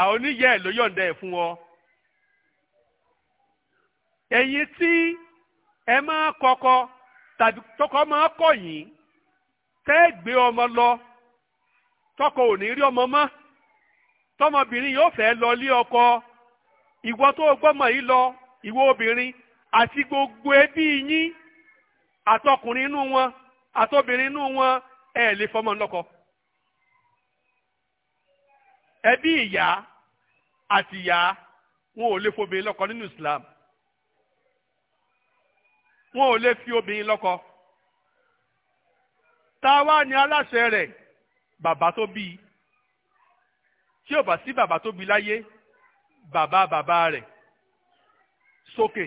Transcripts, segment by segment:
àwọn oníyẹ ló yọ̀ǹda ẹ̀ fún ọ. ẹ̀yin tí ẹ máa kọkọ tàbí tọkọ máa kọ̀ yín tẹ́ gbé ọmọ lọ tọkọ ò ní rí ọmọ mọ́ tọmọbìnrin yóò fẹ́ lọ lé ọkọ ìwọ tó gbọ́mọ yìí lọ ìwọ obìnrin àti gbogbo ẹbí yín àtọkùnrin inú wọn àtọbìnrin inú wọn ẹ lè fọmọ lọ́kọ. ẹbí ìyá àti ìyá wọn ò lè fobìnrin lọ́kọ nínú Islam wọn ò lè fi obìnrin lọ́kọ táwa ni aláṣẹ rẹ̀ bàbá tó bí i tí ò bá sí bàbá tó bí láyé bàbá bàbá rẹ̀ sókè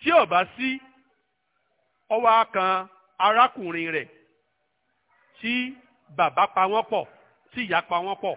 tí ò bá sí ọwọ́ akan arákùnrin rẹ̀ tí bàbá pa wọ́n pọ̀ tí ìyá pa wọ́n pọ̀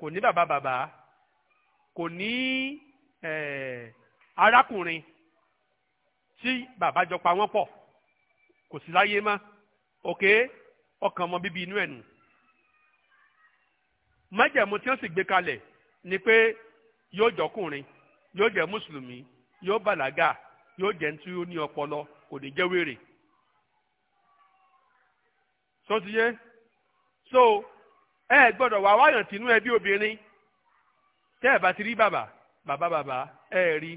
kò ní bàbá bàbá kò ní arákùnrin tí bàbá jọ pa wọ́n pọ̀ kò sí láyé mọ́ òkè ọkàn ọmọ bíbí inú ẹ̀ nù. májẹ̀mú tí wọ́n sì gbé kalẹ̀ ni pé yóò jọkùnrin yóò jẹ́ mùsùlùmí yóò bàlágà yóò jẹ́ tí ó ní ọpọlọ kò ní jẹ́ wèrè. sọ́tìyẹ́ so. so ẹ gbọ́dọ̀ wà wáyàn tínú ẹbí obìnrin tẹ́ ẹ bá ti rí bàbá bàbá bàbá ẹ rí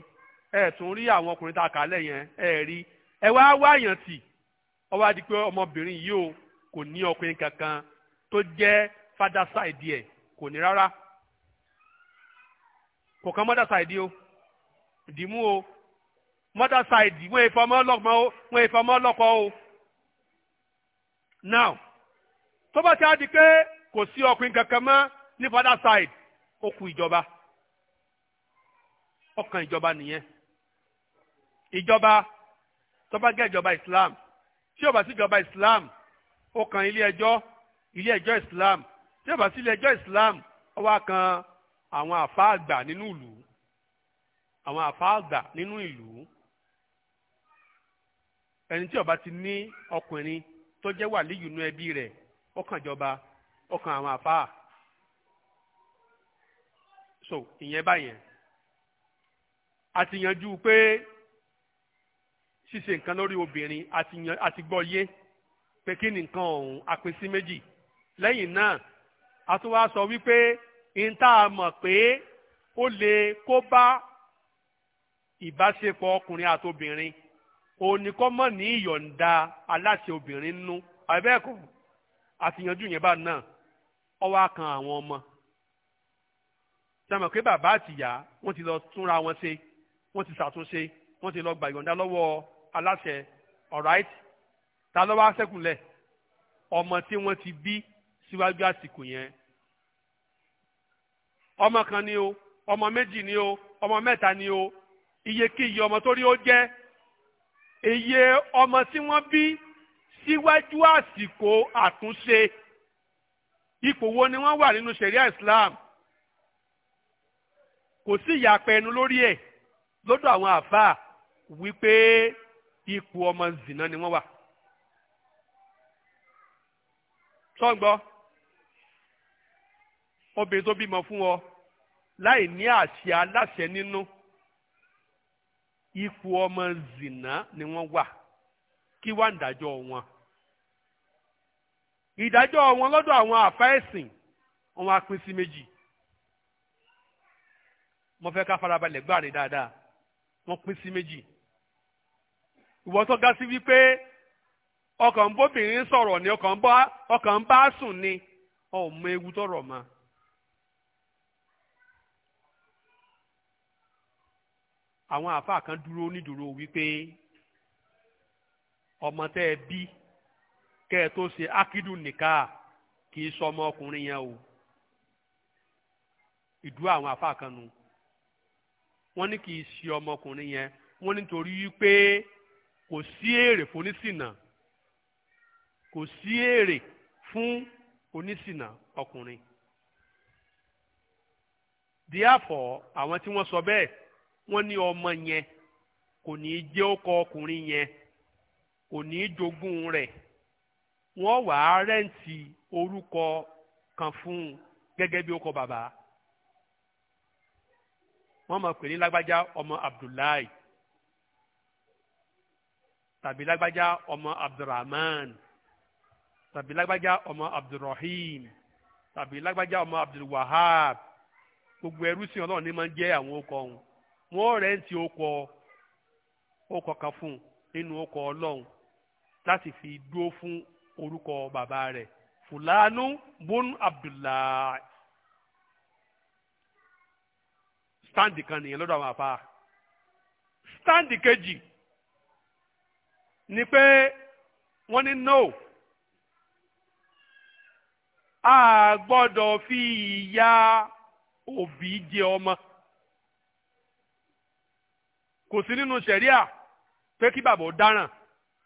ẹ tún rí àwọn ọkùnrin tá a kà lẹ́yìn ẹ rí ẹ wá wáyàn tì ó wá di pé ọmọbìnrin yìí o kò ní ọkùnrin kankan tó jẹ́ father side ẹ̀ kò ní rárá kò kan mother side o dìmú o mother side wọ́n ìfọmọ́ ọlọ́kọ o wọ́n ìfọmọ́ ọlọ́kọ o now tó bá ti á di pé kò sí ọkùnrin kankan mọ́ ní father side ó kù ìjọba ọkàn ìjọba nìyẹn ìjọba tọ́ba gẹ́ ìjọba Islam tí ó bá sí ìjọba Islam ó kan ilé ẹjọ́ ilé ẹjọ́ Islam tí ó bá sí ilé ẹjọ́ Islam ó wá kan àwọn àfáà àgbà nínú ìlú àwọn àfáà àgbà nínú ìlú ẹni tí ó bá ti ní ọkùnrin tó jẹ́ wàlíyù nínú ẹbí rẹ̀ ó kàn ọkàn àwọn àfáà so ìyẹn báyẹn a ti yanjú pé ṣíṣe nǹkan lórí obìnrin a ti gbọ́ yé pé kí ni nǹkan ọ̀hún a pín sí méjì lẹ́yìn náà a tún wá sọ wípé n tá a mọ̀ pé ó lè kó bá ìbáṣepọ̀ ọkùnrin àtobìnrin òní kọ́ mọ̀ ní ìyọ̀ǹda aláṣẹ obìnrin nú àbẹ́ẹ̀kọ́ àti yẹn bá náà ọwọ́ kan àwọn ọmọ sàmọ̀ pé bàbá àtìyá wọ́n ti lọ túnra wọn ṣe wọ́n ti ṣàtúnṣe wọ́n ti lọ gbà yọ̀ǹda lọ́wọ́ aláṣẹ alright ta ló wá ṣẹ́kùnlẹ̀ ọmọ tí wọ́n ti bí síwájú àsìkò yẹn ọmọ kan ni o ọmọ méjì ni o ọmọ mẹ́ta ni o iyekíye ọmọ tó rí ó jẹ́ iye ọmọ tí wọ́n bí síwájú àsìkò àtúnṣe ipò wo ni wọ́n wà nínú sẹ̀ríà Islam kò sí ìyàpẹ̀ ẹnu lórí ẹ̀ lọ́dọ̀ àwọn àfáà wípé ipò ọmọ zìnà ni wọ́n wà. sọ́ngbọ́ obìnrin tó bímọ fún ọ láì ní àṣẹ aláṣẹ nínú ipò ọmọ zìnà ni wọ́n wà kí wá ń wọn ìdájọ́ wọn lọ́dọ̀ àwọn àfáẹ̀sìn wọn á pín sí méjì mo fẹ́ ká farabalẹ̀ gbáre dáadáa wọ́n pín sí méjì ìwọ tó ga sí wípé ọkàn ń bóbìnrin sọ̀rọ̀ ni ọkàn bá ọkàn ń bá sùn ni ọmọ ewu tọrọ ma. àwọn àáfàá kan dúró nídúró wípé ọmọ tẹ́ ẹ bí kẹ́ tó ṣe ákídù nika kì í sọmọ ọkùnrin yẹn o ìdú àwọn afa kan nu wọ́n ní kì í ṣe ọmọkùnrin yẹn wọ́n nítorí pé kò sí èrè fún onísìnà kò sí èrè fún onísìnà àwọn tí wọ́n sọ bẹ́ẹ̀ wọ́n ní ọmọ yẹn kò ní í jẹ́ ọkọ ọkùnrin yẹn kò ní wọ́n wà á rẹ́ǹtì orúkọ kan fún un gẹ́gẹ́ bí orúkọ bàbá wọ́n máa pè ní lágbájá ọmọ Abdullahi tàbí lágbájá ọmọ Abdulrahman tàbí lágbájá ọmọ Abdulrahim tàbí lágbájá ọmọ Abdulwahab gbogbo ẹrú sí ọlọ́run ní máa ń jẹ́ àwọn ọkọ ọ̀hún wọ́n rẹ́ǹtì ọkọ ọkọ kan fún un nínú ọkọ ọlọ́run láti fi dúró fún orúkọ bàbá rẹ̀ fulanu bun abdullahi stand kan nìyẹn lọ́dọ̀ àwọn àfa stand kejì ni pé wọ́n ní no a gbọ́dọ̀ fi ìyá òbí jẹ ọmọ kò sí nínú sẹ̀ríà pé kí bàbá ó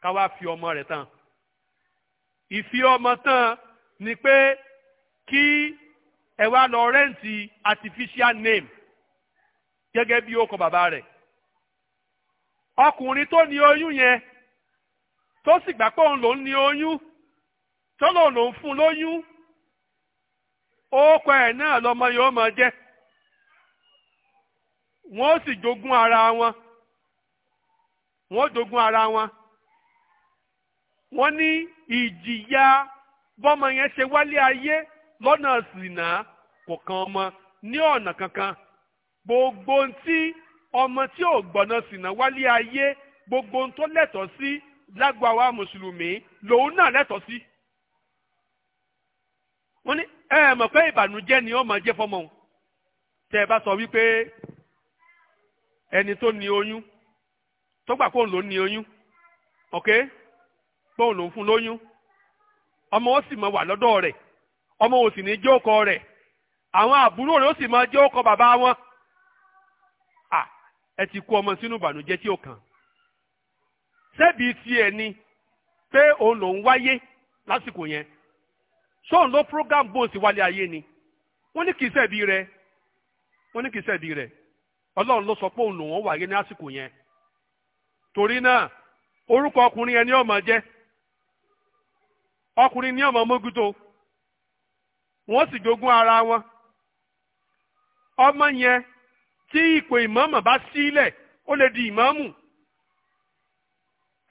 ká wá fi ọmọ rẹ̀ tán ìfi ọmọ tán ni pé kí ẹwà wá artificial name gẹ́gẹ́ bí ó kọ bàbá rẹ̀ ọkùnrin tó ní oyún yẹn tó sì gbà pé òun lòún ní oyún tó lòun lòún fún lóyún orúkọ ẹ̀ náà lọmọ yóò mọ jẹ́ wọ́n sì jogún ara wọn wọ́n jogún ara wọn. wọ́n ní ìjìyà bọ́mọ yẹn ṣe wálé ayé lọ́nà ṣìnà kò kan ọmọ ní ọ̀nà kankan gbogbo tí ọmọ tí ò gbọ́nà ṣìnà wálé ayé gbogbo tó lẹ́tọ̀ọ́ sí lágbo àwa mùsùlùmí lòun náà lẹ́tọ̀ọ́ sí. wọ́n ní ẹ mọ̀ pé ìbànújẹ́ ni ọmọ jẹ́ fọmọ òun tẹ́ ẹ bá sọ wípé ẹni tó ní oyún tó gbà kóun ló ní oyún Okay? bóun ló ń fún lóyún ọmọ ó sì máa wà lọ́dọ̀ rẹ̀ ọmọ ò sì ní jẹ́ ọkọ rẹ̀ àwọn àbúrò rẹ̀ ó sì máa jẹ́ ọkọ bàbá wọn à ẹ ti kó ọmọ sínú ìbànújẹ́ tí ó kàn ṣebí tiẹ̀ ni pé òun lòún wáyé lásìkò yẹn ṣóun ló program bóun sì wálé ayé ni wọ́n ní kì í ṣẹ̀bi rẹ̀ wọ́n ní kì í ṣẹ̀bi rẹ̀ ọlọ́run ló sọ pé òun lòún wáyé ní àsìkò yẹn torí náà orúkọ ọkùnrin ẹni ọmọ jẹ́ ọkùnrin ní ọmọ mógútó wọ́n sì jogún ara wọn ọmọ yẹn tí ipò ìmọ̀ọ́mọ̀ bá sílẹ̀ ó lè di ìmọ̀ọ́mù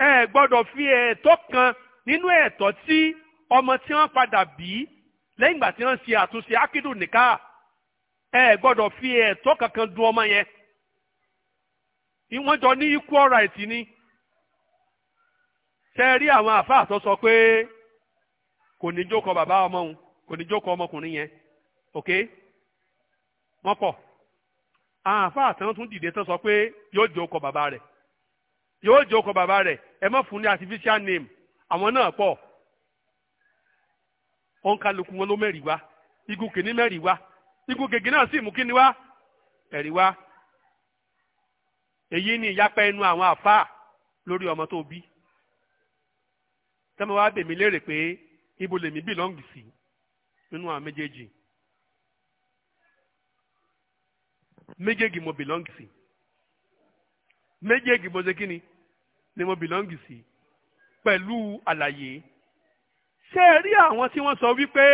ẹ gbọ́dọ̀ fi ẹ̀tọ́ kan nínú ẹ̀tọ́ tí ọmọ tí wọ́n padà bí lẹ́yìn ìgbà tí wọ́n ṣe ẹ gbọ́dọ̀ fi kankan du ọmọ yẹn wọ́n jọ ní equal ni sọ pé. kò ní jókòó bàbá ọmọ òun kò ní jókòó ọmọkùnrin yẹn ok wọ́n pọ̀ àwọn àfáà tán tún dìde tán sọ pé yóò jókòó bàbá rẹ̀ yóò jókòó bàbá rẹ̀ ẹ má fún ní artificial name àwọn náà pọ̀ wọn kálukú wọn ló mẹ́rìí wá igun kìíní mẹ́rìí wá igun gègé náà sì mú kíni wá ẹ̀rí wá èyí ni ìyapa ẹnu àwọn àfáà lórí ọmọ tó bí tẹ́mọ̀ wá bèmí léèrè pé ibo lèmi bìlọ́ǹgì sí nínú àwọn méjèèjì méjèèjì mo bìlọ́ǹgì sí méjèèjì mo ṣe kíni ni mo bìlọ́ǹgì sí pẹ̀lú àlàyé ṣé ẹ rí àwọn tí wọ́n sọ wípé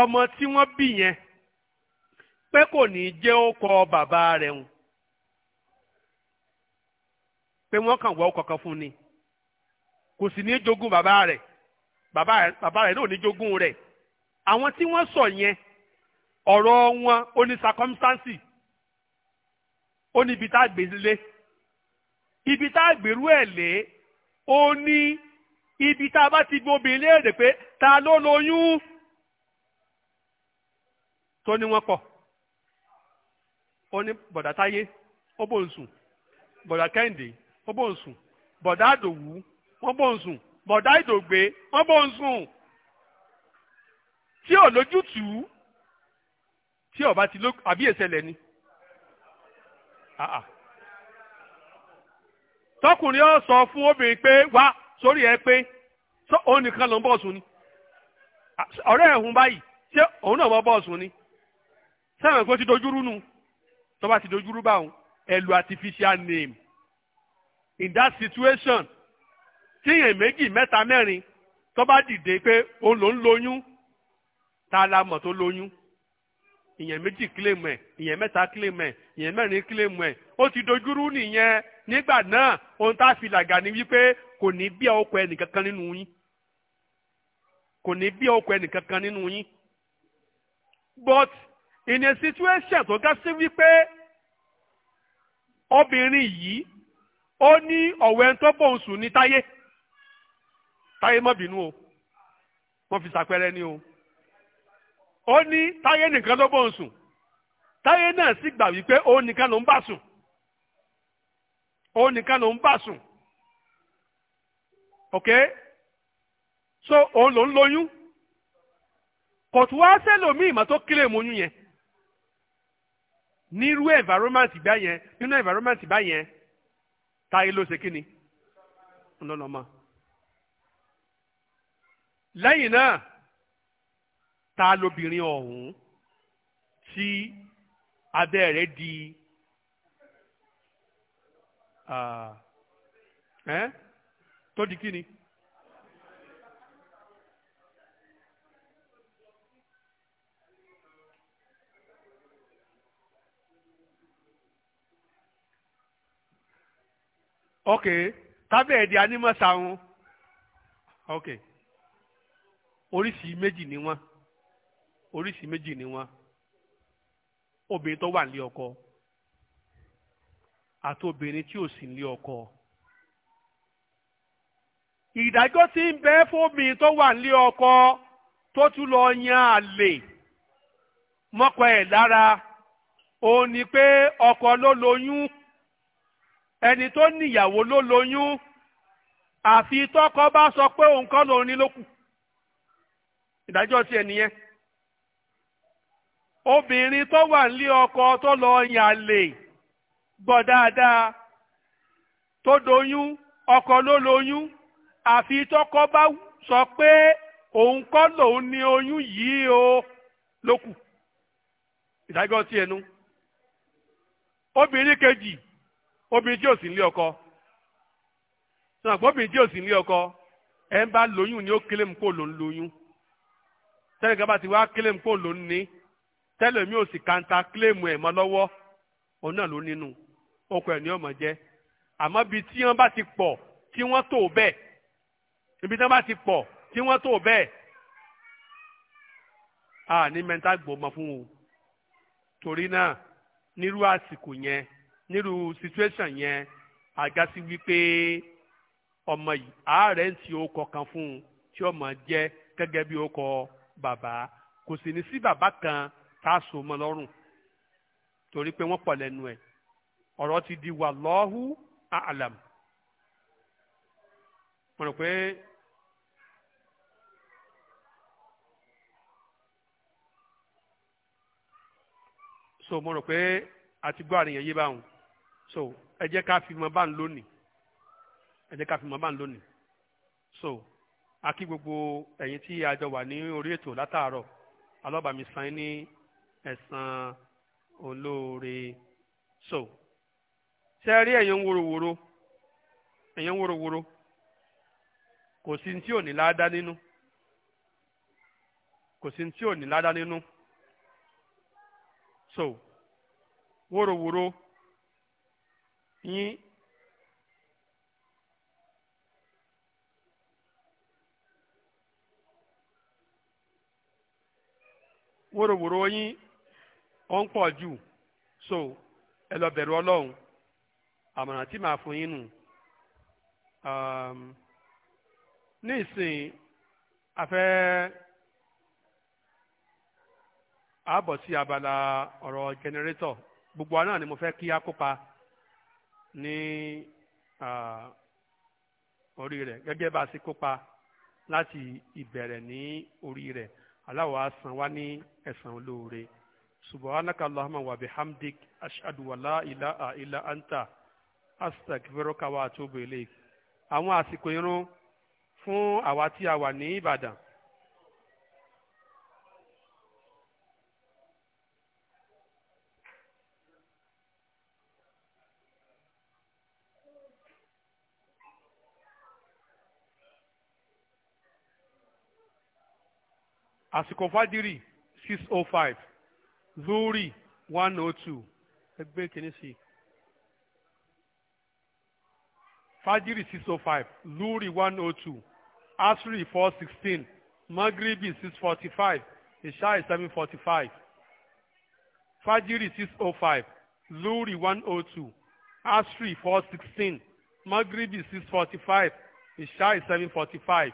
ọmọ tí wọ́n bí yẹn pé kò ní jẹ́ ó kọ bàbá rẹ̀ hùn pé wọ́n kàn wọ́ ọkọ̀ kan fún ni kò sì ní jogún bàbá rẹ̀ bàbá bàbá rẹ̀ náà ní jogún rẹ̀ àwọn tí wọ́n sọ yẹn ọ̀rọ̀ wọn ó ní circumstance ó ní ibi tá a gbé lé ibi tá a gbèrú ẹ̀ lé ó ní ibi tá a bá ti gbé obìnrin léèrè pé ta ló lóyún tó ní wọ́n pọ̀ ó ní bọ̀dà táyé ó bò ń sùn bọ̀dà kẹ́hìndé ó bò ń sùn bọ̀dà àdòwú wọ́n bò ń sùn bọ̀dá ìdògbé wọ́n bó ń sùn tí ò lójútùú tí ọba ti ló àbí ìṣẹ̀lẹ̀ ni. tọkùnrin ọ sọ fún obìnrin pé wá sórí ẹ pé òun nìkan ló ń bọ̀ sùn ni ọ̀rẹ́ ẹ̀hún báyìí ṣé òun náà mọ bọ́ọ̀sùn ni sẹ́wọ̀n kó ti dojúrú nu tó bá ti dojúrú báwọn ẹ̀lú artificial name in that situation tí èèyàn méjì mẹ́ta mẹ́rin tó bá dìde pé òun ló ń lóyún ta la mọ̀ tó lóyún ìyẹn méjì kílèmù ẹ̀ ìyẹn mẹ́ta kílèmù ẹ̀ ìyẹn mẹ́rin kílèmù ẹ̀ ó ti dojúrú nìyẹn nígbà náà ohun tá a fi làgà ni wípé kò ní bí ọkọ ẹnìkankan nínú yín kò ní bí ọkọ ẹnìkankan nínú yín but in a situation tó ga sí wípé obìnrin yìí ó ní ọ̀wẹ́ tó bóun sùn ní táyé táyé má bínú o wọ́n fi sàpẹrẹ ni o ó ní táyé nìkan ló bọ̀ ń sùn táyé náà sì gbà wípé ó nìkan ló ń bà sùn ó nìkan ló ń bà sùn ok so òun ló ń lóyún kò tún wá sẹ́lòmíì mà tó kílè mọ́yún yẹn nírú environment bá yẹn nínú environment bá yẹn táyé ló ṣe kí ni ọlọ́lọ́mọ. No, no, lẹ́yìn náà ta lobìnrin ọ̀hún tí abẹ́ rẹ̀ di tó di kí ni. ok tábẹ́ẹ̀dì anímọ̀sáhun ok. oríṣìí méjì ni wọn oríṣìí méjì ni wọn obìnrin tó wà nílé ọkọ àti obìnrin tí ò sì nílé ọkọ ìdájọ́ tí ń bẹ́ fún fóbìnrin tó wà nílé ọkọ tó tún lọ yan àlè mọ́kọ ẹ̀ lára òun ni pé ọkọ ló lóyún ẹni tó níyàwó ló lóyún àfi tọkọ bá sọ pé òun kọ́ lòun ní lókùn. ìdájọ́ tiẹ̀ nìyẹn obìnrin tó wà nílé ọkọ tó lọ yàlè bọ̀ dáadáa tó doyún ọkọ ló àfi tọkọ bá sọ pé òun kọ́ lòun ní oyún yìí o ìdájọ́ tiẹ̀ nu obìnrin kejì obìnrin tí ò sí nílé ọkọ sọ̀rọ̀ pé obìnrin tí ò nílé ọkọ ẹ̀ ń bá lóyún tẹ́lẹ̀ gaba ti wá kílèm kó ló ń ní tẹ́lẹ̀ mi ò sì kanta kílèmù ẹ̀ mọ́ lọ́wọ́ òun náà ló nínú okùn ẹ̀ ní ọmọ jẹ́ àmọ́ ibi tí wọ́n bá ti pọ̀ tí wọ́n tó bẹ́ẹ̀ ibi tí wọ́n bá ti pọ̀ tí wọ́n tó bẹ́ẹ̀ a ní mẹ́ta gbòmọ fún o torí náà nírú àsìkò yẹn nírú situation yẹn àgásí wípé ọmọ yìí àárẹ̀ ń ti okọ̀ kan fún un tí ọmọ jẹ́ gẹ́gẹ́ bí okọ̀ ọ́ bàbá kò sì ní sí bàbá kan tá a so mọ́ lọ́rùn torí pé wọ́n pọ̀ lẹ́nu ẹ̀ ọ̀rọ̀ ti di wallahu a'lam mo rò pé so mo rò pé àti gbọ́ àríyàn yé báwọn so ẹ jẹ́ ká fi mọ bá ń lónìí ẹ jẹ́ ká fi mọ bá ń lónìí so. akí gbogbo ẹ̀yin tí a jọ wà ní orí ètò látàárọ̀ alọ́bàmí san ní ẹ̀san olóore so ṣe rí ẹ̀yin wòrowòro ẹ̀yin wòrowòro kò sí tí ò ní nínú kò sí tí ò ní nínú so wòrowòro yín wọ́n pọ̀ ju so ẹlọbẹ̀rọ ọlọhun um, a maara ntị ma fụ ịnụ ọmụ n'isii a fẹ abọ abala ọrọ-generatọ gbogbo naa ni mo fẹ kia kópa ni a orire gege ba si kopa lati ibere ni orire Allah á san wá ní ẹ̀san olóore subhanaka allahumma wa bihamdik ashhadu wa la ilaha illa anta astaghfiruka wa atubu ilayk àwọn àsìkò irun fún àwa tí a wà ní Ìbàdàn àsìkò fàdírì six oh five zuri one oh two ẹgbẹ́ kìíní sí i fàdírì six oh five zuri one oh two asri four sixteen magribi six forty five ishai seven forty five fàdírì six oh five zuri one oh two asri four sixteen magribi six forty five ishai seven forty five.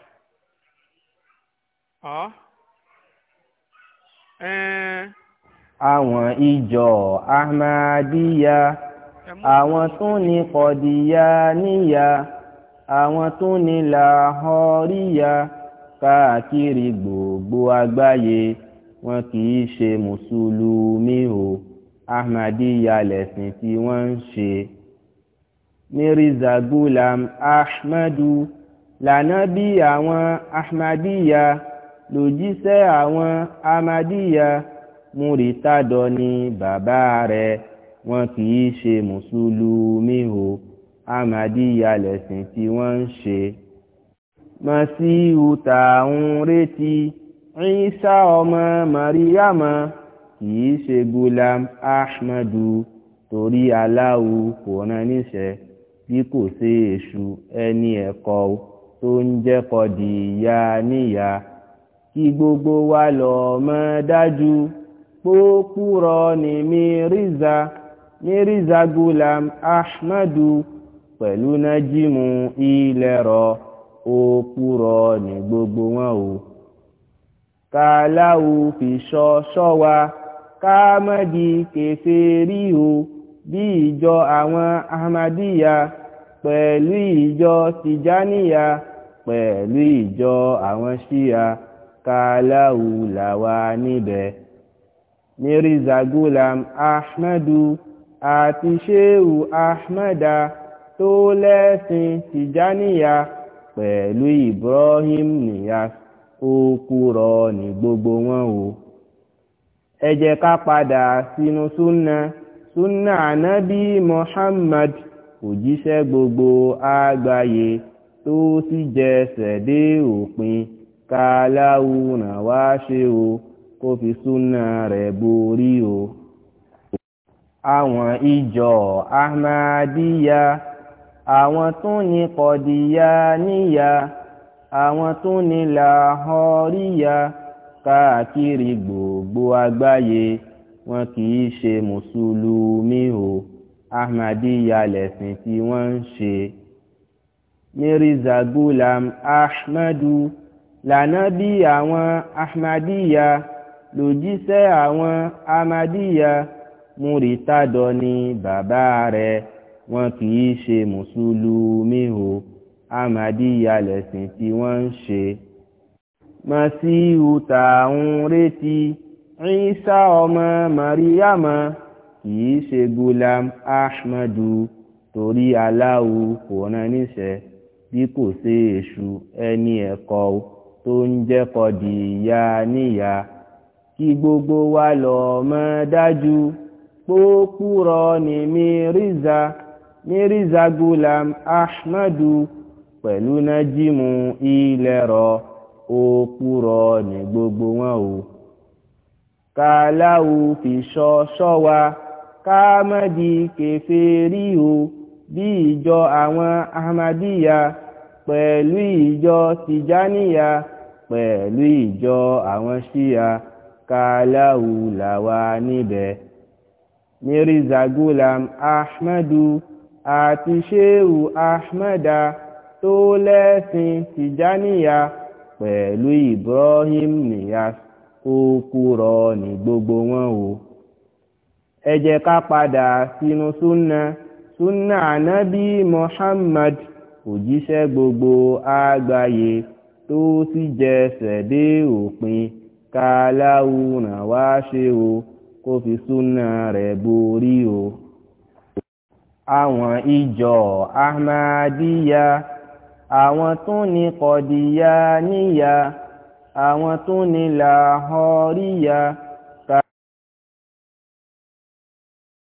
Ah. Eh. àwọn ìjọ ahmadiyya àwọn tún ní kọdíyà níyà àwọn tún ní làhọríyà káàkiri gbogbo àgbáyé wọn kì í ṣe mùsùlùmí o ahmadiyya lẹ̀sìn tí wọ́n ń ṣe mirza gulam ahmadu lànábì àwọn ahmadiyya lòjíṣẹ́ àwọn amadíyà múritádọ ni bàbá rẹ̀ wọn kì í ṣe mùsùlùmí o amadíyà lẹ̀sìn tí wọ́n ń ṣe. masihu tá retí Ìsá ọmọ mariama kì í ṣe gulam ahmadu torí aláwo kò rán níṣẹ́ bí kò ṣe èṣù ẹni ẹ̀kọ́ tó ń jẹ́kọ̀ọ́ di ìyá níyà kí gbogbo wa lọ mọ̀ dájú pópúrọ ní mírízà mírízà gulam ahmadu pẹ̀lú nájímù ilẹ̀rọ òpúrọ ní gbogbo wọn o kàláwù fi ṣọ́ ṣọ́ wa káàmọ́dì kèfèrí o bí ìjọ àwọn ahmadiyya pẹ̀lú ìjọ tijaniya pẹ̀lú ìjọ àwọn ṣíya kàláwù làwa níbẹ̀ mirza gulam ahmadu àti sheu ahmada tó lẹ́sìn tìjáníyà pẹ̀lú ibrahim niyas ó kúrọ ní gbogbo wọn o ẹ jẹ́ ká padà sínú súnà súnà ànábì muhammad òjíṣẹ́ gbogbo àgbáyé tó sì jẹsẹ̀ dé òpin kàláwù nà wá ṣe o kó fi súnà rẹ̀ borí o. àwọn ìjọ ahmadiyya àwọn tún ní kọdíyàníyà àwọn tún ní làhọríyà káàkiri gbogbo àgbáyé wọn kì í ṣe mùsùlùmí o ahmadiyya lẹ̀sìn tí wọ́n ń ṣe. mirza gulam ahmadu lànà bí àwọn ahmadiyya lòjíṣẹ́ àwọn ahmadiyya múrítàdọ́ ni bàbá rẹ̀ wọn kì í ṣe mùsùlùmí o Ahmadiya lẹ̀sìn tí wọ́n ń ṣe. masihu tààrùn retí Ìsá ọmọ mariama kì í ṣe gulam ahmadu torí Allahu kò rán níṣẹ́ bí kò ṣe èṣù ẹni ẹ̀kọ́ o tó ń jẹ́ kọ̀dìyà níyà kí gbogbo wa lọ mọ̀ dájú pókúrọ̀ ní mírízà mírízà gulam ahmadu pẹ̀lú nájímù ilẹ̀rọ òkúrọ̀ ní gbogbo wọn o kàláwù fi sọ sọ wa káàmọ́dì kẹfẹ́rí o bí ìjọ àwọn ahmadiyya pẹ̀lú ìjọ tìjáníyà pẹ̀lú ìjọ àwọn ṣíya kàláwù làwa níbẹ̀ mirza gulam ahmadu àti sheu ahmada tó lẹ́sìn tìjáníyà pẹ̀lú ibrahim niyas ó kúrọ ní gbogbo wọn o ẹ ká padà sínú súnà súnà ànábì muhammad òjíṣẹ́ gbogbo àgbáyé tó sì jẹsẹ̀ dé òpin káláwù náà wá ṣe o kó fi súnà rẹ̀ borí o. àwọn ìjọ ahmadiyya àwọn tó ní kọdíyà níyà àwọn tó ní làhọ́ríyà.